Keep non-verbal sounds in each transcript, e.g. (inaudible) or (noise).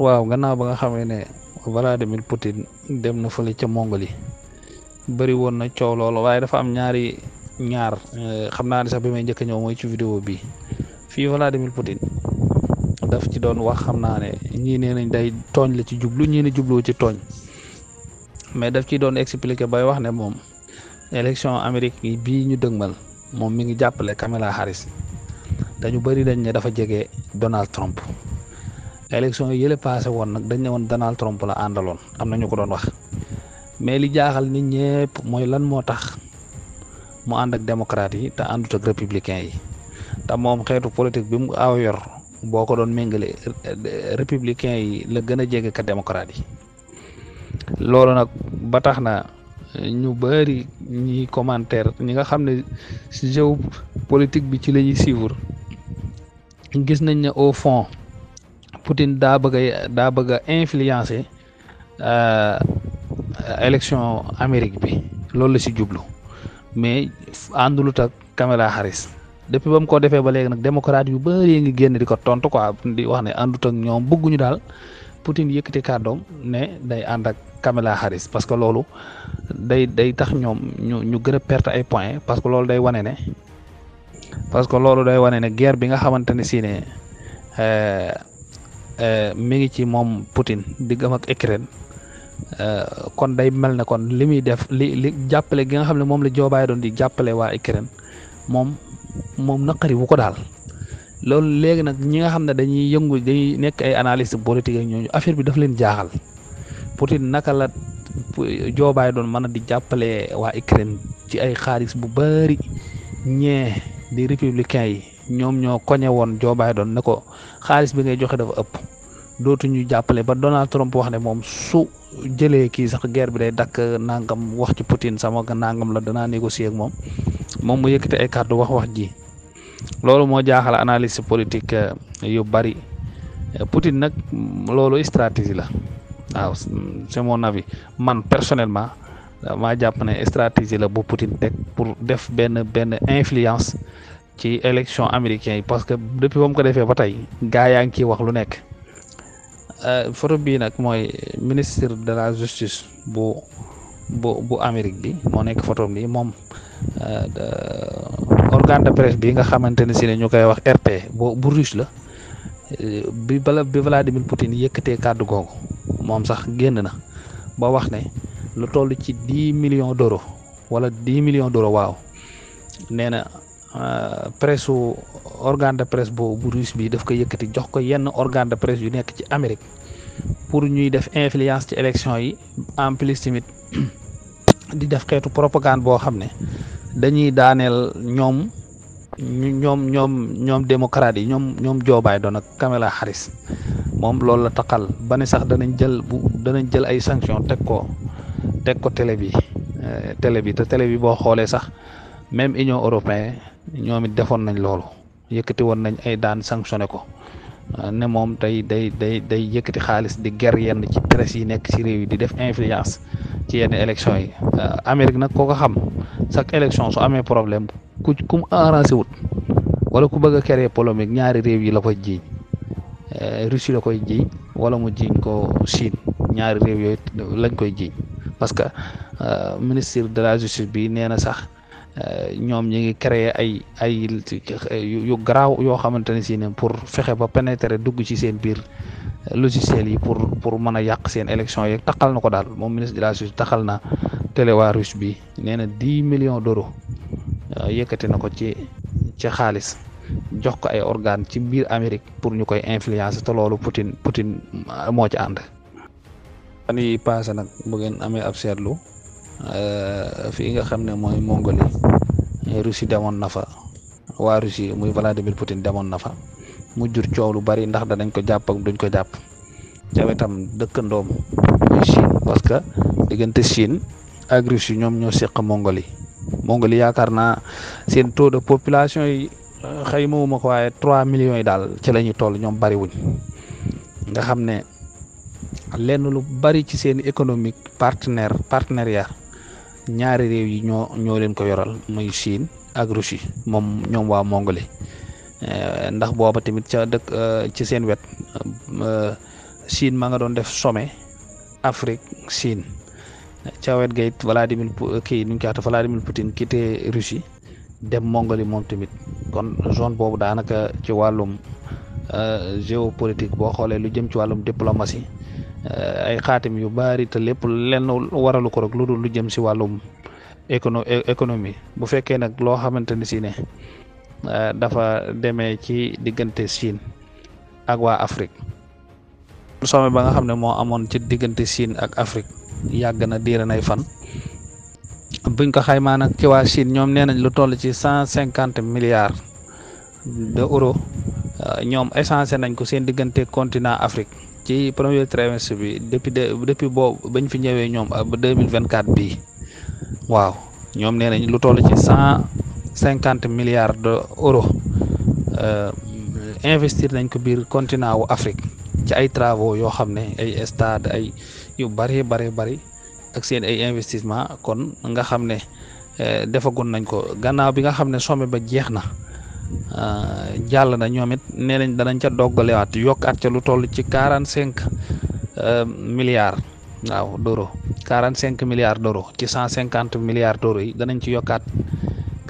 waaw gannaaw ba nga xamee ne Vladimir Poutine dem na fële ca Mongolie bëri woon na coow lool waaye dafa am ñaari ñaar eh, xam naa ne sax bi may njëkk a ñëw mooy ci vidéo bi fii Vladimir Poutine daf ci doon wax xam naa ne ñii nee nañ day tooñ la ci jublu ñii ne ci tooñ mais daf ci doon expliquer bay wax ne moom élection Amérique yi bii ñu dëgmal moom mi ngi jàppale Kamala Harris dañu bëri dañ ne dafa jege Donald Trump. élection yi yële passé woon nag dañ ne woon Donald Trump la àndaloon am na ñu ko doon wax mais li jaaxal nit ñëpp mooy lan moo tax mu ànd ak démocrate yi te àndut ak républicain yi te moom xeetu politique bi mu aw yor boo ko doon méngale républicain yi la gën a jege ka démocrate yi loolu nag ba na ñu bëri ñi commentaire ñi nga xam ne géopolitique bi ci la ñuy suivre gis nañ ne au fond. Poutine daa bëgg a daa bëgg a influencer euh, élection Amérique bi loolu la si jublu mais àndulut ak Kamala Harris depuis ba mu ko defee ba léegi nag démocrate yu ba bëri ngi génn di ko tontu quoi di wax ne àndut ñoom bëgguñu daal Poutine yëkkati kàddoom ne day ànd ak Kamala Harris parce que loolu day day tax ñoom ñu ñu gën a perte ay points parce que loolu day wane ne parce que loolu day wane ne guerre bi nga xamante ne si ne. Euh, Euh, mi ngi ci moom Poutine diggam ak Ukraine euh, kon day mel ne kon li muy def li li jàppale gi nga xam ne moom la joobaay doon di jàppale waa Ukraine moom moom naqari ko daal loolu léegi nag ñi nga xam ne dañuy yëngu dañuy nekk ay analyste politique ak ñooñu affaire bi daf leen jaaxal Poutine naka la Joe Biden doon mën a di jàppale waa Ukraine ci ay xaaris bu bari ñee di républicain yi. ñoom ñoo koñe woon Joe Biden ne ko xaalis bi ngay joxe dafa ëpp ñu jàppale ba Donald Trump wax ne moom su jëlee kii sax geer bi day dakk nangam wax ci Poutine sama nangam la danaa négocier ak moom moom mu yëkkate ay kàddu wax wax ji loolu moo jaaxal analyse politique eh, yu bari eh, Poutine nag loolu stratégie la waaw c'est mon avis man personnellement ma jàpp ne stratégie la bu Poutine teg pour def benn benn influence ci élection américain yi parce que depuis ba mu ko defee ba tey gaa yaa ngi ciy wax lu nekk euh, photo bii nag mooy ministre de la justice bu bu Amérique bi moo nekk photo bi moom euh, organe de presse bi nga xamante ne si ne ñu koy wax RT bu bu la euh, bi bala bi Vladimir Poutine yëkkatee kàddu googu moom sax génn na ba wax ne lu toll ci dix millions d'euros wala dix millions d'euros waaw nee Euh, presse su organe de presse bu bu russe bi daf ko yëkkati jox ko yenn organe de presse yu nekk ci Amérique pour ñuy def influence ci élection yi en plus tamit (clears throat) di def xeetu propagande boo xam ne dañuy daaneel ñoom ñoom ñoom ñoom démocrates yi ñoom ñoom Joe Biden ak Kamala Harris moom loolu la takkal ba ne sax danañ jël bu danañ jël ay sanctions teg ko teg ko télé bi euh, télé bi te télé bi boo xoolee sax même Union européenne. ñoom it defoon nañ loolu yëkkati woon nañ ay daan sanctionné ko ah, ne moom tey day day day yëkkati xaalis di ger yenn ci presse yi nekk ci réew yi di def influence ci yenn élection yi ah, Amérique nag koo ko xam chaque élection su amee problème ku ku mu arrangé wut wala ku bëgg a créer polémique ñaari réew yi la koy jiiñ eh, Russie la koy jiiñ wala mu jiiñ ko Chine ñaari réew yooyu lañ koy jiiñ parce que ah, ministre de la justice bi nee na sax Euh, ñoom ñi ngi créer ay ay yu garaaw yoo xamante ne si ne pour fexe ba pénétrer dugg ci seen biir euh, logiciel yi pour pour mën a yàq seen élection yeeg taxal na ko daal moom ministre de la justice taxal na télé waa nee na dix millions d'euros euh, yëkkati na ko ci ci xaalis jox ko ay organe ci biir Amérique pour ñu koy influence te loolu Poutine Poutine moo ci ànd. fan yi passé nag bu ngeen amee ab seetlu. Euh, fii nga xam ne mooy Mongolie Russie demoon na fa waa Russie muy Vladimir Poutine demoon nafa mu jur coow lu bari ndax da danañ ko jàpp ak duñ ko jàpp jawe tam dëkkandoom mooy Chine parce que diggante Chine ak Russie ñoom ñoo seq Mongolie Mongolie yaakaar naa seen taux de population yi euh, xayma wu ko waaye trois millions yi daal ci lañuy tool ñoom bari wuñ nga xam ne lenn lu bari ci seen économique partenaire partenariat. ñaari réew yi ñoo ñoo leen ko yoral muy Chine ak Russie moom ñoom waa Mongolie eh, ndax booba tamit ca dëkk eh, ci seen wet eh, Chine ma nga doon def sommet Afrique Chine ca wet ga it Vladimir kii nu ñu koy waxee Vladimir Poutine quitté Russie dem mongoli moom tamit kon zone boobu daanaka ci wàllum géopolitique boo xoolee lu jëm ci wàllum diplomatie. Eh, ay xaatim yu bari te lépp lenn waralu ko rek lu dul lu jëm si wàllum écono économie bu fekkee nag loo xamante ni si ne eh, dafa demee ci diggante Chine ak waa Afrique sommet ba nga xam ne moo amoon ci diggante Chine ak Afrique yàgg na diire nay fan buñ ko xaymaa nag ci waa Chine ñoom nee nañ lu toll ci cent cinquante milliards de euros eh, ñoom échangé nañ ko seen diggante continent Afrique ci premier trimestre bi depuis de depuis boobu bañ fi ñëwee ñoom ah, ba deux mille vingt quatre bii waaw ñoom nee nañ lu toll ci cent cinquante milliards de euros euh, investir nañ ko biir continent wu Afrique ci ay travaux yoo xam ne ay stade ay yu bari bari bari ak seen ay investissement kon nga xam ne euh, defagun nañ ko gannaaw bi nga xam ne somme ba jeex na. jàll na ñoom it nee nañ danañ ca doggalewaat yokkaat ca lu toll ci quarante cinq euh, milliards waaw d'euros quarante cinq milliards d'euros ci cent cinquante milliards d'euros yi danañ ci yokkaat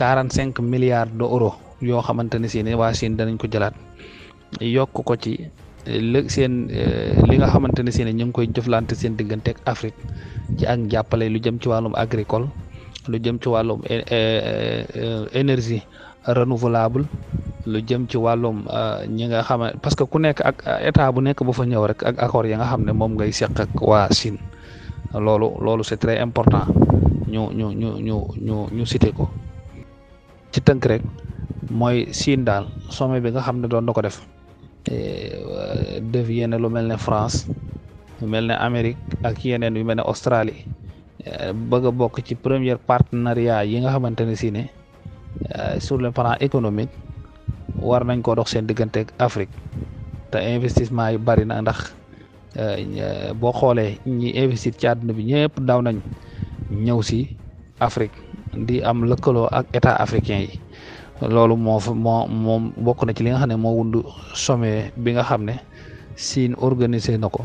quarante cinq milliards d'euros yoo xamante ne si ne waa Chine danañ ko jëlaat yokk ko ci euh, li seen euh, li nga xamante ne si ñu ngi koy jëflante seen diggante ak Afrique ci ak jàppale lu jëm ci wàllum agricole lu jëm ci wàllum énergie renouvelable lu jëm ci walum euh, ñi nga xam parce que ku nekk ak euh, état bu nekk bu fa ñëw rek ak accord ya nga xam ne moom ngay seq ak waa sin loolu loolu c'est très important ñu ñu ñu ñu ñu ñu cité ko ci tënk rek mooy sin daal sommet bi nga xam ne doon na ko def euh, def yenn lu mel ne France lu mel ne Amérique ak yeneen yu mel ne Australie bëgg a bokk ci première partenariat yi nga xamante ne si Euh, sur le plan économique war nañ koo dox seen diggante ak Afrique te investissement yi bari na ndax euh, euh, boo xoolee ñi investir ci àdduna bi ñëpp daw nañ ñëw si Afrique di am lëkkaloo ak état africain yi loolu moo moo moom bokk na ci li nga xam ne moo wundu sommet bi nga xam ne Chine organisé na ko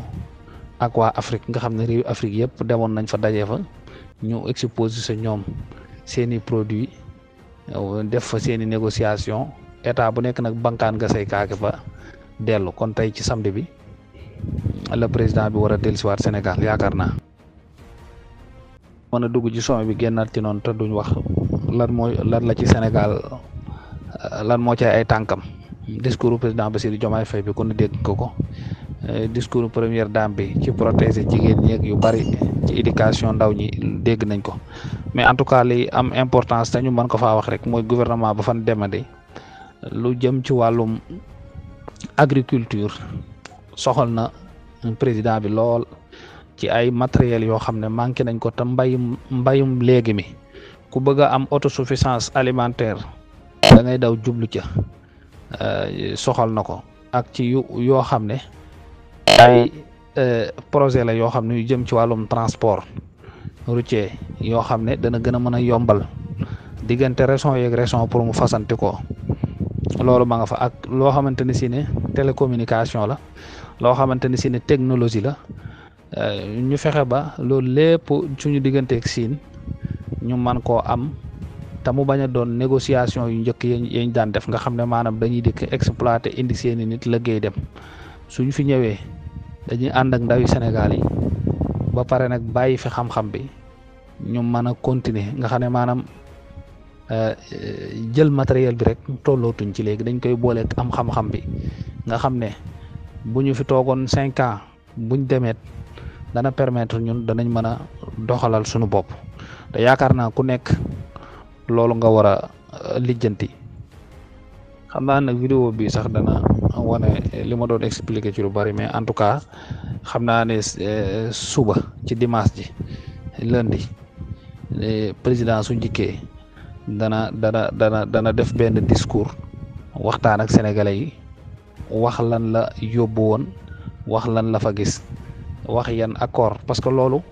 ak waa Afrique nga xam ne réew Afrique yëpp demoon nañ fa dajee fa ñu exposé sa ñoom seeni produits def fa seeni négociation état bu nekk nag bankaan nga say kaake ba dellu kon tey ci samedi bi la président bi war a dellusiwaat Sénégal yaakaar naa. mën a dugg ci sommet bi génnaat ci noonu duñ wax lan moo lan la ci Sénégal lan moo ci ay tànkam discours président ba Bassirou Diomaye Faye bi kon dégg ko ko discours première dame bi ci protéger jigéen ñeeg yu bari ci éducation ndaw ñi dégg nañ ko. mais en tout cas li am importance te ñu mën ko faa wax rek mooy gouvernement ba fan demadi lu jëm ci wàllum agriculture soxal na président bi lool ci ay matériels yoo xam ne manqué nañ ko te mbayum mbayum léegi mi ku bëgg a am autosuffisance alimentaire da ngay daw jublu ca euh, soxal na ko ak ci yu yoo xam ne ay euh, projet la yoo xam ne yu jëm ci wàllum transport routier yo xam dana gëna mëna yombal digënté région yeeg région pour mu fasante ko lolu ma nga fa ak lo xamanteni ne si ne télécommunication la lo xamanteni ne si ne technologie la euh, ñu fexé ba loolu lépp suñu digënté ak siin ñu man ko am tamu mu bañ doon négociation yu ñëk yañ daan def nga xam manam dañuy dik exploiter indi seen nit liggéey dem suñ fi ñëwé dañuy and ak ndawi Sénégal yi ba paré nak bayyi fi xam-xam bi ñu mën a continuer nga xam ne maanaam euh, jël matériel bi rek tollootuñ ci léegi dañ koy booleeg am xam-xam bi nga xam ne bu ñu fi toogoon cinq ans buñ demeet dana permettre ñun danañ mën a doxalal suñu bopp te yaakaar naa ku nekk loolu nga war a euh, lijjanti xam naa nag vidéo bi sax dana wane li ma doon expliquer ci lu bari mais en tout cas xam naa ne euh, suba ci dimanche ji lundi président su njëkkee dana dana dana dana def benn discours waxtaan ak sénégalais yi wax lan la yóbbu woon wax lan la fa gis wax yan accord parce que loolu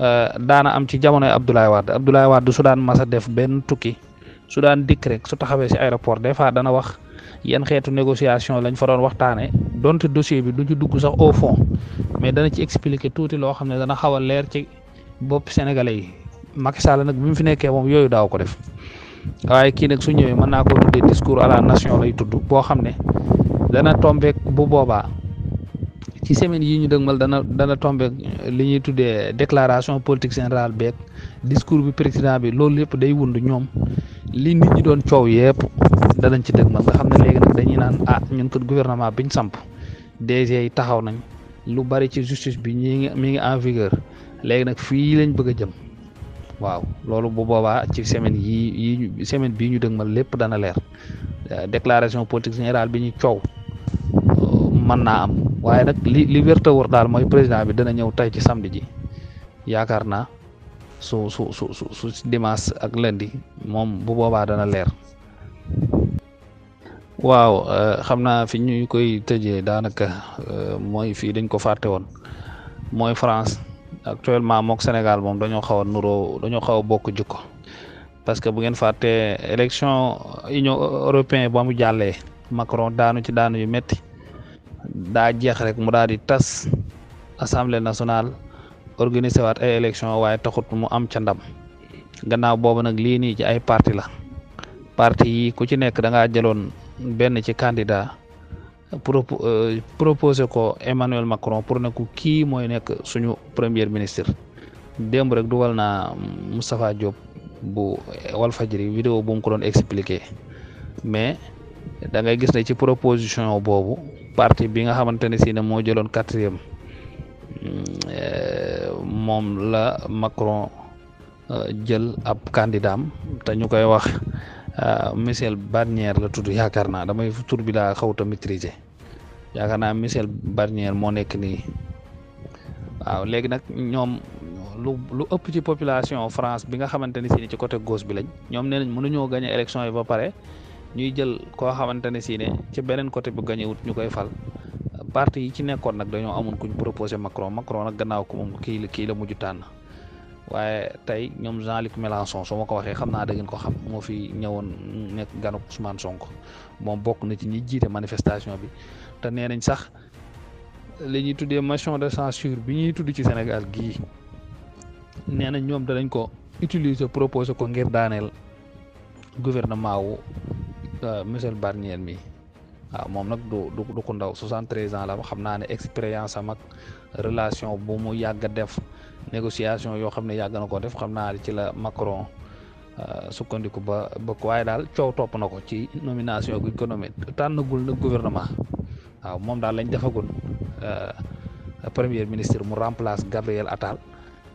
euh, daana am ci jamonoy Abdoulaye Wade Abdoulaye Wade su daan mas a def benn tukki su daan dikk rek su taxawee si aéroport des fois dana wax yan xeetu négociation lañ fa doon waxtaanee donte dossier bi du ci dugg sax au fond mais dana ci expliquer tuuti loo xam ne dana xaw a leer ci bopp sénégalais yi. Macky Sall nag bi mu fi nekkee moom yooyu daaw ko def waaye kii nag su ñëwee mën naa ko tuddee discours à la nation lay tudd boo xam ne dana tombeek bu boobaa ci semaine yi ñu dëgmal dana dana tombeek li ñuy tuddee déclaration politique générale beeg discours bi président bi loolu yëpp day wund ñoom li nit ñi doon coow yëpp danañ ci dëgmal nga xam ne léegi nag dañuy naan a ah, ñun kat gouvernement biñ samp des yi taxaw nañ lu bari ci justice bi ñi ngi en vigueur léegi nag fii lañ bëgg a jëm. waaw loolu bu boobaa ci semaine yi yi semaine bii ñu dëgmal lépp dana leer euh, déclaration politique générale bi ñu coow euh, mën naa am waaye nag li li wérta daal mooy président bi dana ñëw tey ci samedi ji yaakaar naa su su su su su dimanche ak lundi moom bu boobaa dana leer waaw euh, xam naa fi ñu koy tëjee daanaka mooy fii dañ ko fàtte woon mooy France actuellement mook Sénégal moom dañoo xaw a nuroo dañoo xaw a bokk jikko parce que bu ngeen fàtte élection union européen ba mu jàllee Macron daanu ci daanu yu metti daa jeex rek mu daal di tas assemblée nationale organiser waat ay élection waaye taxut mu am ca ndam gannaaw boobu nag lii nii ci ay parti la parti yi ku ci nekk da ngaa jëloon benn ci kandida pro euh, proposé ko Emmanuel Macron pour ne ko kii mooy nekk suñu premier ministre démb rek dugal naa Moustapha Diop bu Walfadjri vidéo bu mu ko doon expliqué mais dangay gis ne ci proposition boobu parti bi nga xamante ne si ne moo jëloon quatrième euh, moom la Macron euh, jël ab candidat am ñu koy wax. Euh, Michel Barnier la tudd yaakaar naa damay tur bi daa xawta maîtriser yaakaar naa Michel Barnier moo nekk nii waaw léegi nag ñoom lu lu ëpp ci population France bi nga xamante ne si ci côté gauche bi lañ ñoom nee nañ mënuñoo gagné élection yi ba pare ñuy jël koo xamante ne si ne ci beneen côté bi gagné wut ñu koy fal parti yi ci nekkoon nag dañoo amoon kuñ proposé Macron Macron nag gannaaw ko moom kii la kii la mujj tànn. waaye tey ñoom Jean-Luc Mélenchon su ma ko waxee xam naa da ko xam moo fi ñëwoon nekk ganuk Ousmane Sonko moom bokk na ci ñi jiite manifestation bi te nee nañ sax li ñuy tuddee motion de censure bi ñuy tudd ci Sénégal gii nee nañ ñoom danañ ko utiliser proposer ko ngir daaneel gouvernement wu euh, Michel Barnier mi waaw moom nag du du du ko ndaw 73 ans la xam naa ne expérience am ak relation bu mu yàgg a def. négociation yoo xam ne yàgg na ko def xam naa ci la Macron euh, sukkandiku ba bëgg waaye daal coow topp na ko ci nomination guñ ko nommé tànnagul nag gouvernement waaw moom daal lañ defagul euh, premier ministre mu remplace Gabriel Attal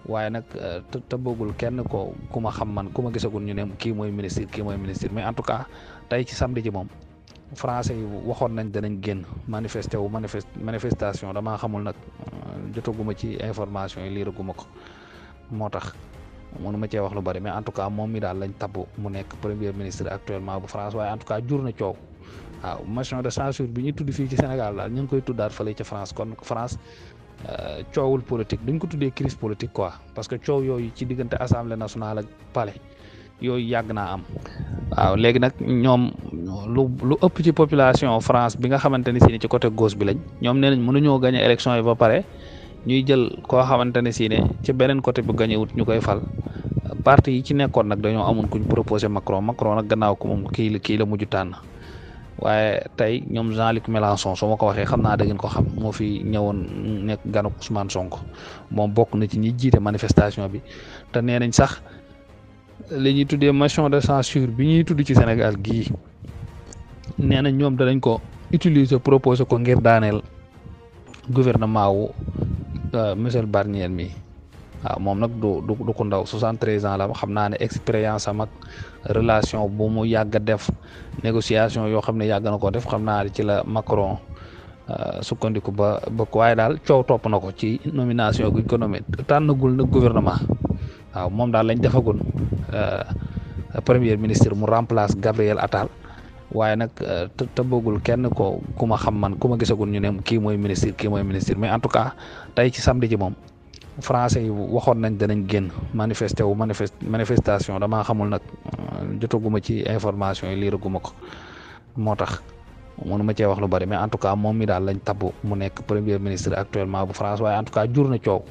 waaye nag euh, te bëggul kenn ko ku ma xam man ku ma gisagul ñu ne kii mooy ministre ki mooy ministre mais en tout cas tey ci samedi ji moom français yi waxoon nañ danañ génn manifesté wu manifestation damaa xamul nag jotaguma ci information yi liiraguma ko moo tax mënu ma cee wax lu bari mais en tout cas moom mi daal lañ tabb mu nekk premier ministre actuellement bu France waaye en tout cas jur coow waaw motion de censure bi ñu tudd fii ci Sénégal daal ñu ngi koy tuddaat fële ca France kon France euh, coowul politique duñ ko tuddee crise politique quoi parce que coow yooyu ci diggante assemblée nationale ak palais yooyu yàgg naa am. waaw léegi nag ñoom lu lu ëpp ci population France bi nga xamante ni si ci côté gauche bi lañ ñoom nee nañ ñuy jël koo xamante ne si ne ci beneen côté bu gañe wut ñu koy fal parti yi ci nekkoon nag dañoo amoon kuñ proposé Macron Macron nag gannaaw ko moom kii la kii la mujj tànn waaye tey ñoom Jean-Luc Mélenchon su ma ko waxee xam naa da ngeen ko xam moo fi ñëwoon nekk ganuk Ousmane Sonko moom bokk na ci ñi jiite manifestation bi te nee nañ sax li ñuy tuddee motion de censure bi ñuy tudd ci Sénégal gii nee nañ ñoom danañ ko utiliser proposé ko ngir daaneel gouvernement wu Euh, monsieur Barnier mi waaw moom nag du du ko ndaw 73 ans la xam naa ne expérience a mag relation bu mu yàgg a def négociation yoo xam ne yàgg na ko def xam naa ci la Macron euh, sukkandiku ba ba waaye daal coow topp na ko ci nomination guñ ko nommé tànnagul nag gouvernement waaw moom daal lañ defagul euh, premier ministre mu remplace Gabriel Attal. waaye nag euh, tëbbagul kenn ko ku ma xam man ku ma gisagul ñu ne kii mooy ministre kii mooy ministre mais en tout cas tey ci samedi ji moom français yi waxoon nañ danañ génn manifester wu manifestation damaa xamul nag euh, jotaguma ci information yi liiraguma ko moo tax mënuma cee wax lu bari tout cas moom mi daal lañ tabbu mu nekk premier ministre actuellement bu France waaye en tout cas jur na coow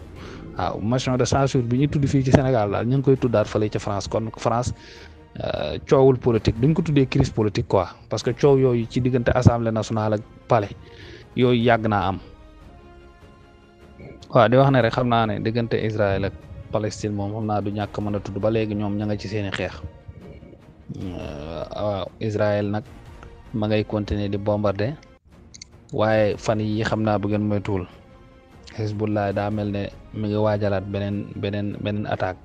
waaw motion de censure bi ñu tudd fii ci Sénégal daal ñu ngi koy tuddaat fële ca France kon France Euh, coowul politique duñ ko tuddee crise politique quoi parce que coow yooyu ci diggante assemblée nationale ak pale yooyu yàgg naa am waaw di wax ne rek xam naa ne diggante Israël ak Palestine moom xam naa du ñàkk mën a tudd ba léegi ñoom ña nga ci seeni xeex euh, waaw Israël nag ma ngay continuer di bombarder waaye fan yi xam naa bu ngeen moytuwul Hezbollah daa mel ne mi ngi waajalaat beneen beneen beneen attaque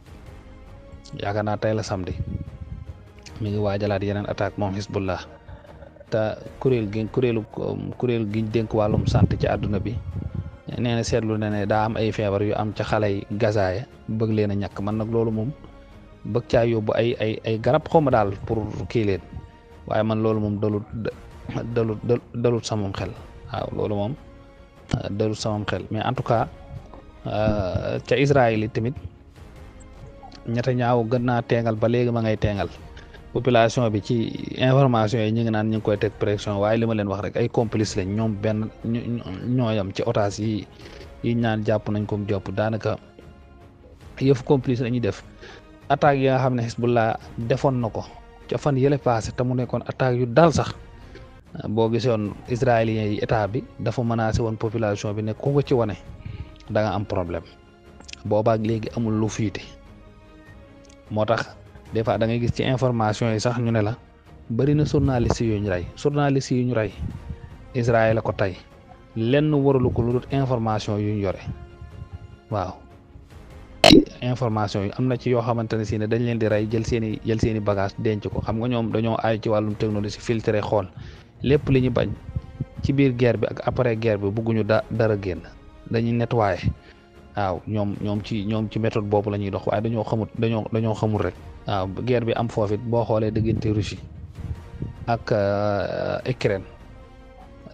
yaakaar naa tey la samedi. mi ngi waajalaat yeneen attaque moom Hezbollah te kuréel gi kuréelu um, kuréel gi dénk wàllum santé ci àdduna bi nee na seetlu na ne daa am ay feebar yu am ca xale yi Gaza ya bëgg leen a ñàkk man nag loolu moom bëgg caa yóbbu ay ay ay garab xaw ma daal pour kii leen waaye man loolu moom dalut dalut dalut xel loolu moom ah, dalut samam mais en tout cas ah, ca Israël yi tamit ñetta ñaaw gën naa teengal ba léegi ma ngay teengal population bi ci information yi ñu ngi naan ñu ngi koy teg pression waaye li ma leen wax rek ay complice lañ ñoom benn ñooyam ci otage yi yi ñaan jàpp nañ ko mu jàpp daanaka yëfu complice la def attaques yi xam ne Hezbollah defoon na ko ca fan yële passé te mu nekkoon attaques yu daal sax boo gisoon israéliens yi état bi dafa menacé woon population bi ne ku ko ci wane danga am problème boobaak léegi amul lu fiiti moo tax des fois da ngay gis ci information yi sax ñu ne la bari na journaliste yu ñu rey journaliste yu ñu rey Israël la ko tey lenn waralu ko lu dul information yu ñu yore waaw information yi am na ci yoo xamante ne si ne dañ leen di rey jël seen i jël seen i denc ko xam nga ñoom dañoo aay ci wàllum technologie filtre xool lépp li ñu bañ ci biir guerre bi ak après guerre bi bugguñu da dara génn dañuy nettoyer waaw ñoom ñoom ci ñoom ci méthode boobu la ñuy dox waaye dañoo xamut dañoo dañoo xamul rek. waaw guerre bi am foofu boo xoolee diggante Russie ak euh, Ukraine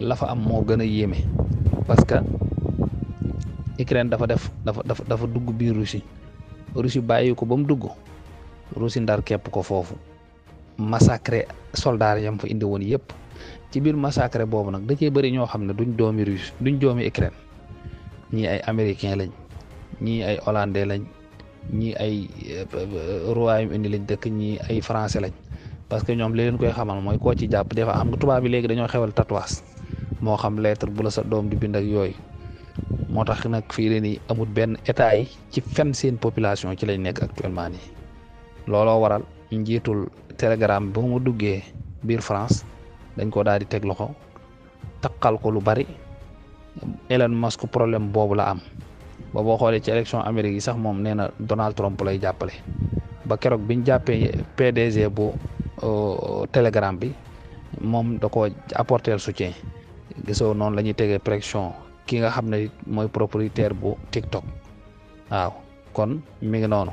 la fa am moo gën a yéeme parce que Ukraine dafa def dafa dafa dafa dugg biir Russie Russie bàyyi ko ba mu dugg Russie ndar képp ko foofu massacré soldaar yam fa indi woon yëpp ci biir massacré boobu nag da cee bari ñoo xam ne duñ doomi Russie duñ doomi Ukraine ñii ay américain lañ ñii ay hollandais lañ. ñii ay euh, euh, royaume uni lañ dëkk ñii ay français lañ parce que ñoom li leen koy xamal mooy ko ci jàpp des fois am nga tubaab bi léegi dañoo xewal tatouage moo xam lettre bula sa doom di bind ak yooyu moo tax nag fii leen amut amul benn état yi ci fen seen population ci lañ nekk actuellement nii looloo waral njiitul telegram ba mu duggee biir France dañ ko daal di teg loxo takkal ko lu bari Elon Musk problème boobu la am. ba boo xoolee ci élection Amérique yi sax moom nee na Donald Trump lay jàppale ba keroog bi ñu jàppee PDG bu euh, Telegram bi moom da ko apporter soutien giso noonu la ñuy tegee pression ki nga xam ne mooy propriétaire bu TikTok waaw kon mi ngi noonu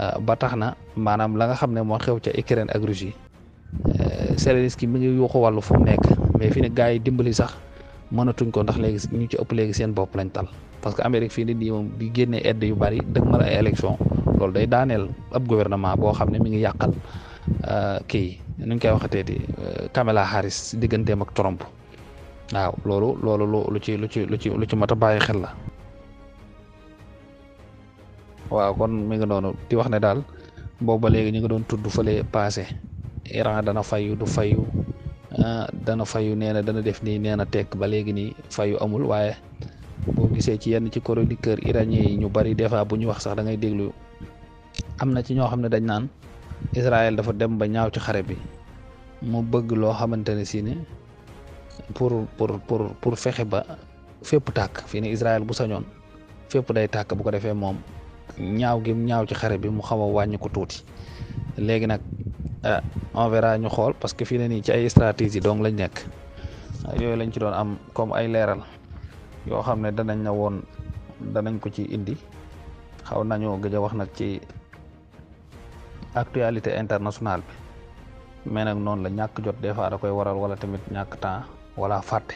euh, ba tax na maanaam la nga xam ne mooy xew ca Ukraine ak Russie euh, Zelensky mi ngi yuuxu wàllu fu mu nekk mais fi ne gars yi dimbali sax mënatuñ ko ndax léegi ñu ci ëpp léegi seen bopp lañ tal. parce que Amérique fii nit ñi moom di génnee aide yu bëri dëgmal ay élection loolu day daaneel ab gouvernement boo xam ne mi ngi yàqal euh, kii nu ñu koy waxateeti euh, Kamala Harris digganteem ak Trump waaw loolu loolu lu ci lu ci lu ci lu ci mot a bàyyi xel la. waaw kon mi ngi noonu di wax ne daal ba léegi ñu ngi doon tudd fële passé Iran dana fayu du fayu ah, dana fayu nee na dana def nii nee na tekk ba léegi nii fayu amul waaye. boo gisee ci yenn ci chroniqueur iranien yi ñu bari des fois bu ñu wax sax dangay ngay déglu am na ci ñoo xam ne dañ naan Israël dafa dem ba ñaaw ci xare bi mu bëgg loo xamante ne si ne pour pour pour pour fexe ba fépp tàkk fii ne Israël bu sañoon fépp day tàkk bu ko defee moom ñaaw gi ñaaw ci xare bi mu xaw a wàññi ko tuuti léegi nag ah, on verra ñu xool parce que fii ne nii ci ay stratégie donc lañ nekk yooyu lañ ci doon am comme ay leeral. yoo xam ne danañ na woon danañ ko ci indi xaw nañoo gëj a wax nag ci actualité international bi mais nag noonu la ñàkk jot des fois da koy waral wala tamit ñàkk temps wala fàtte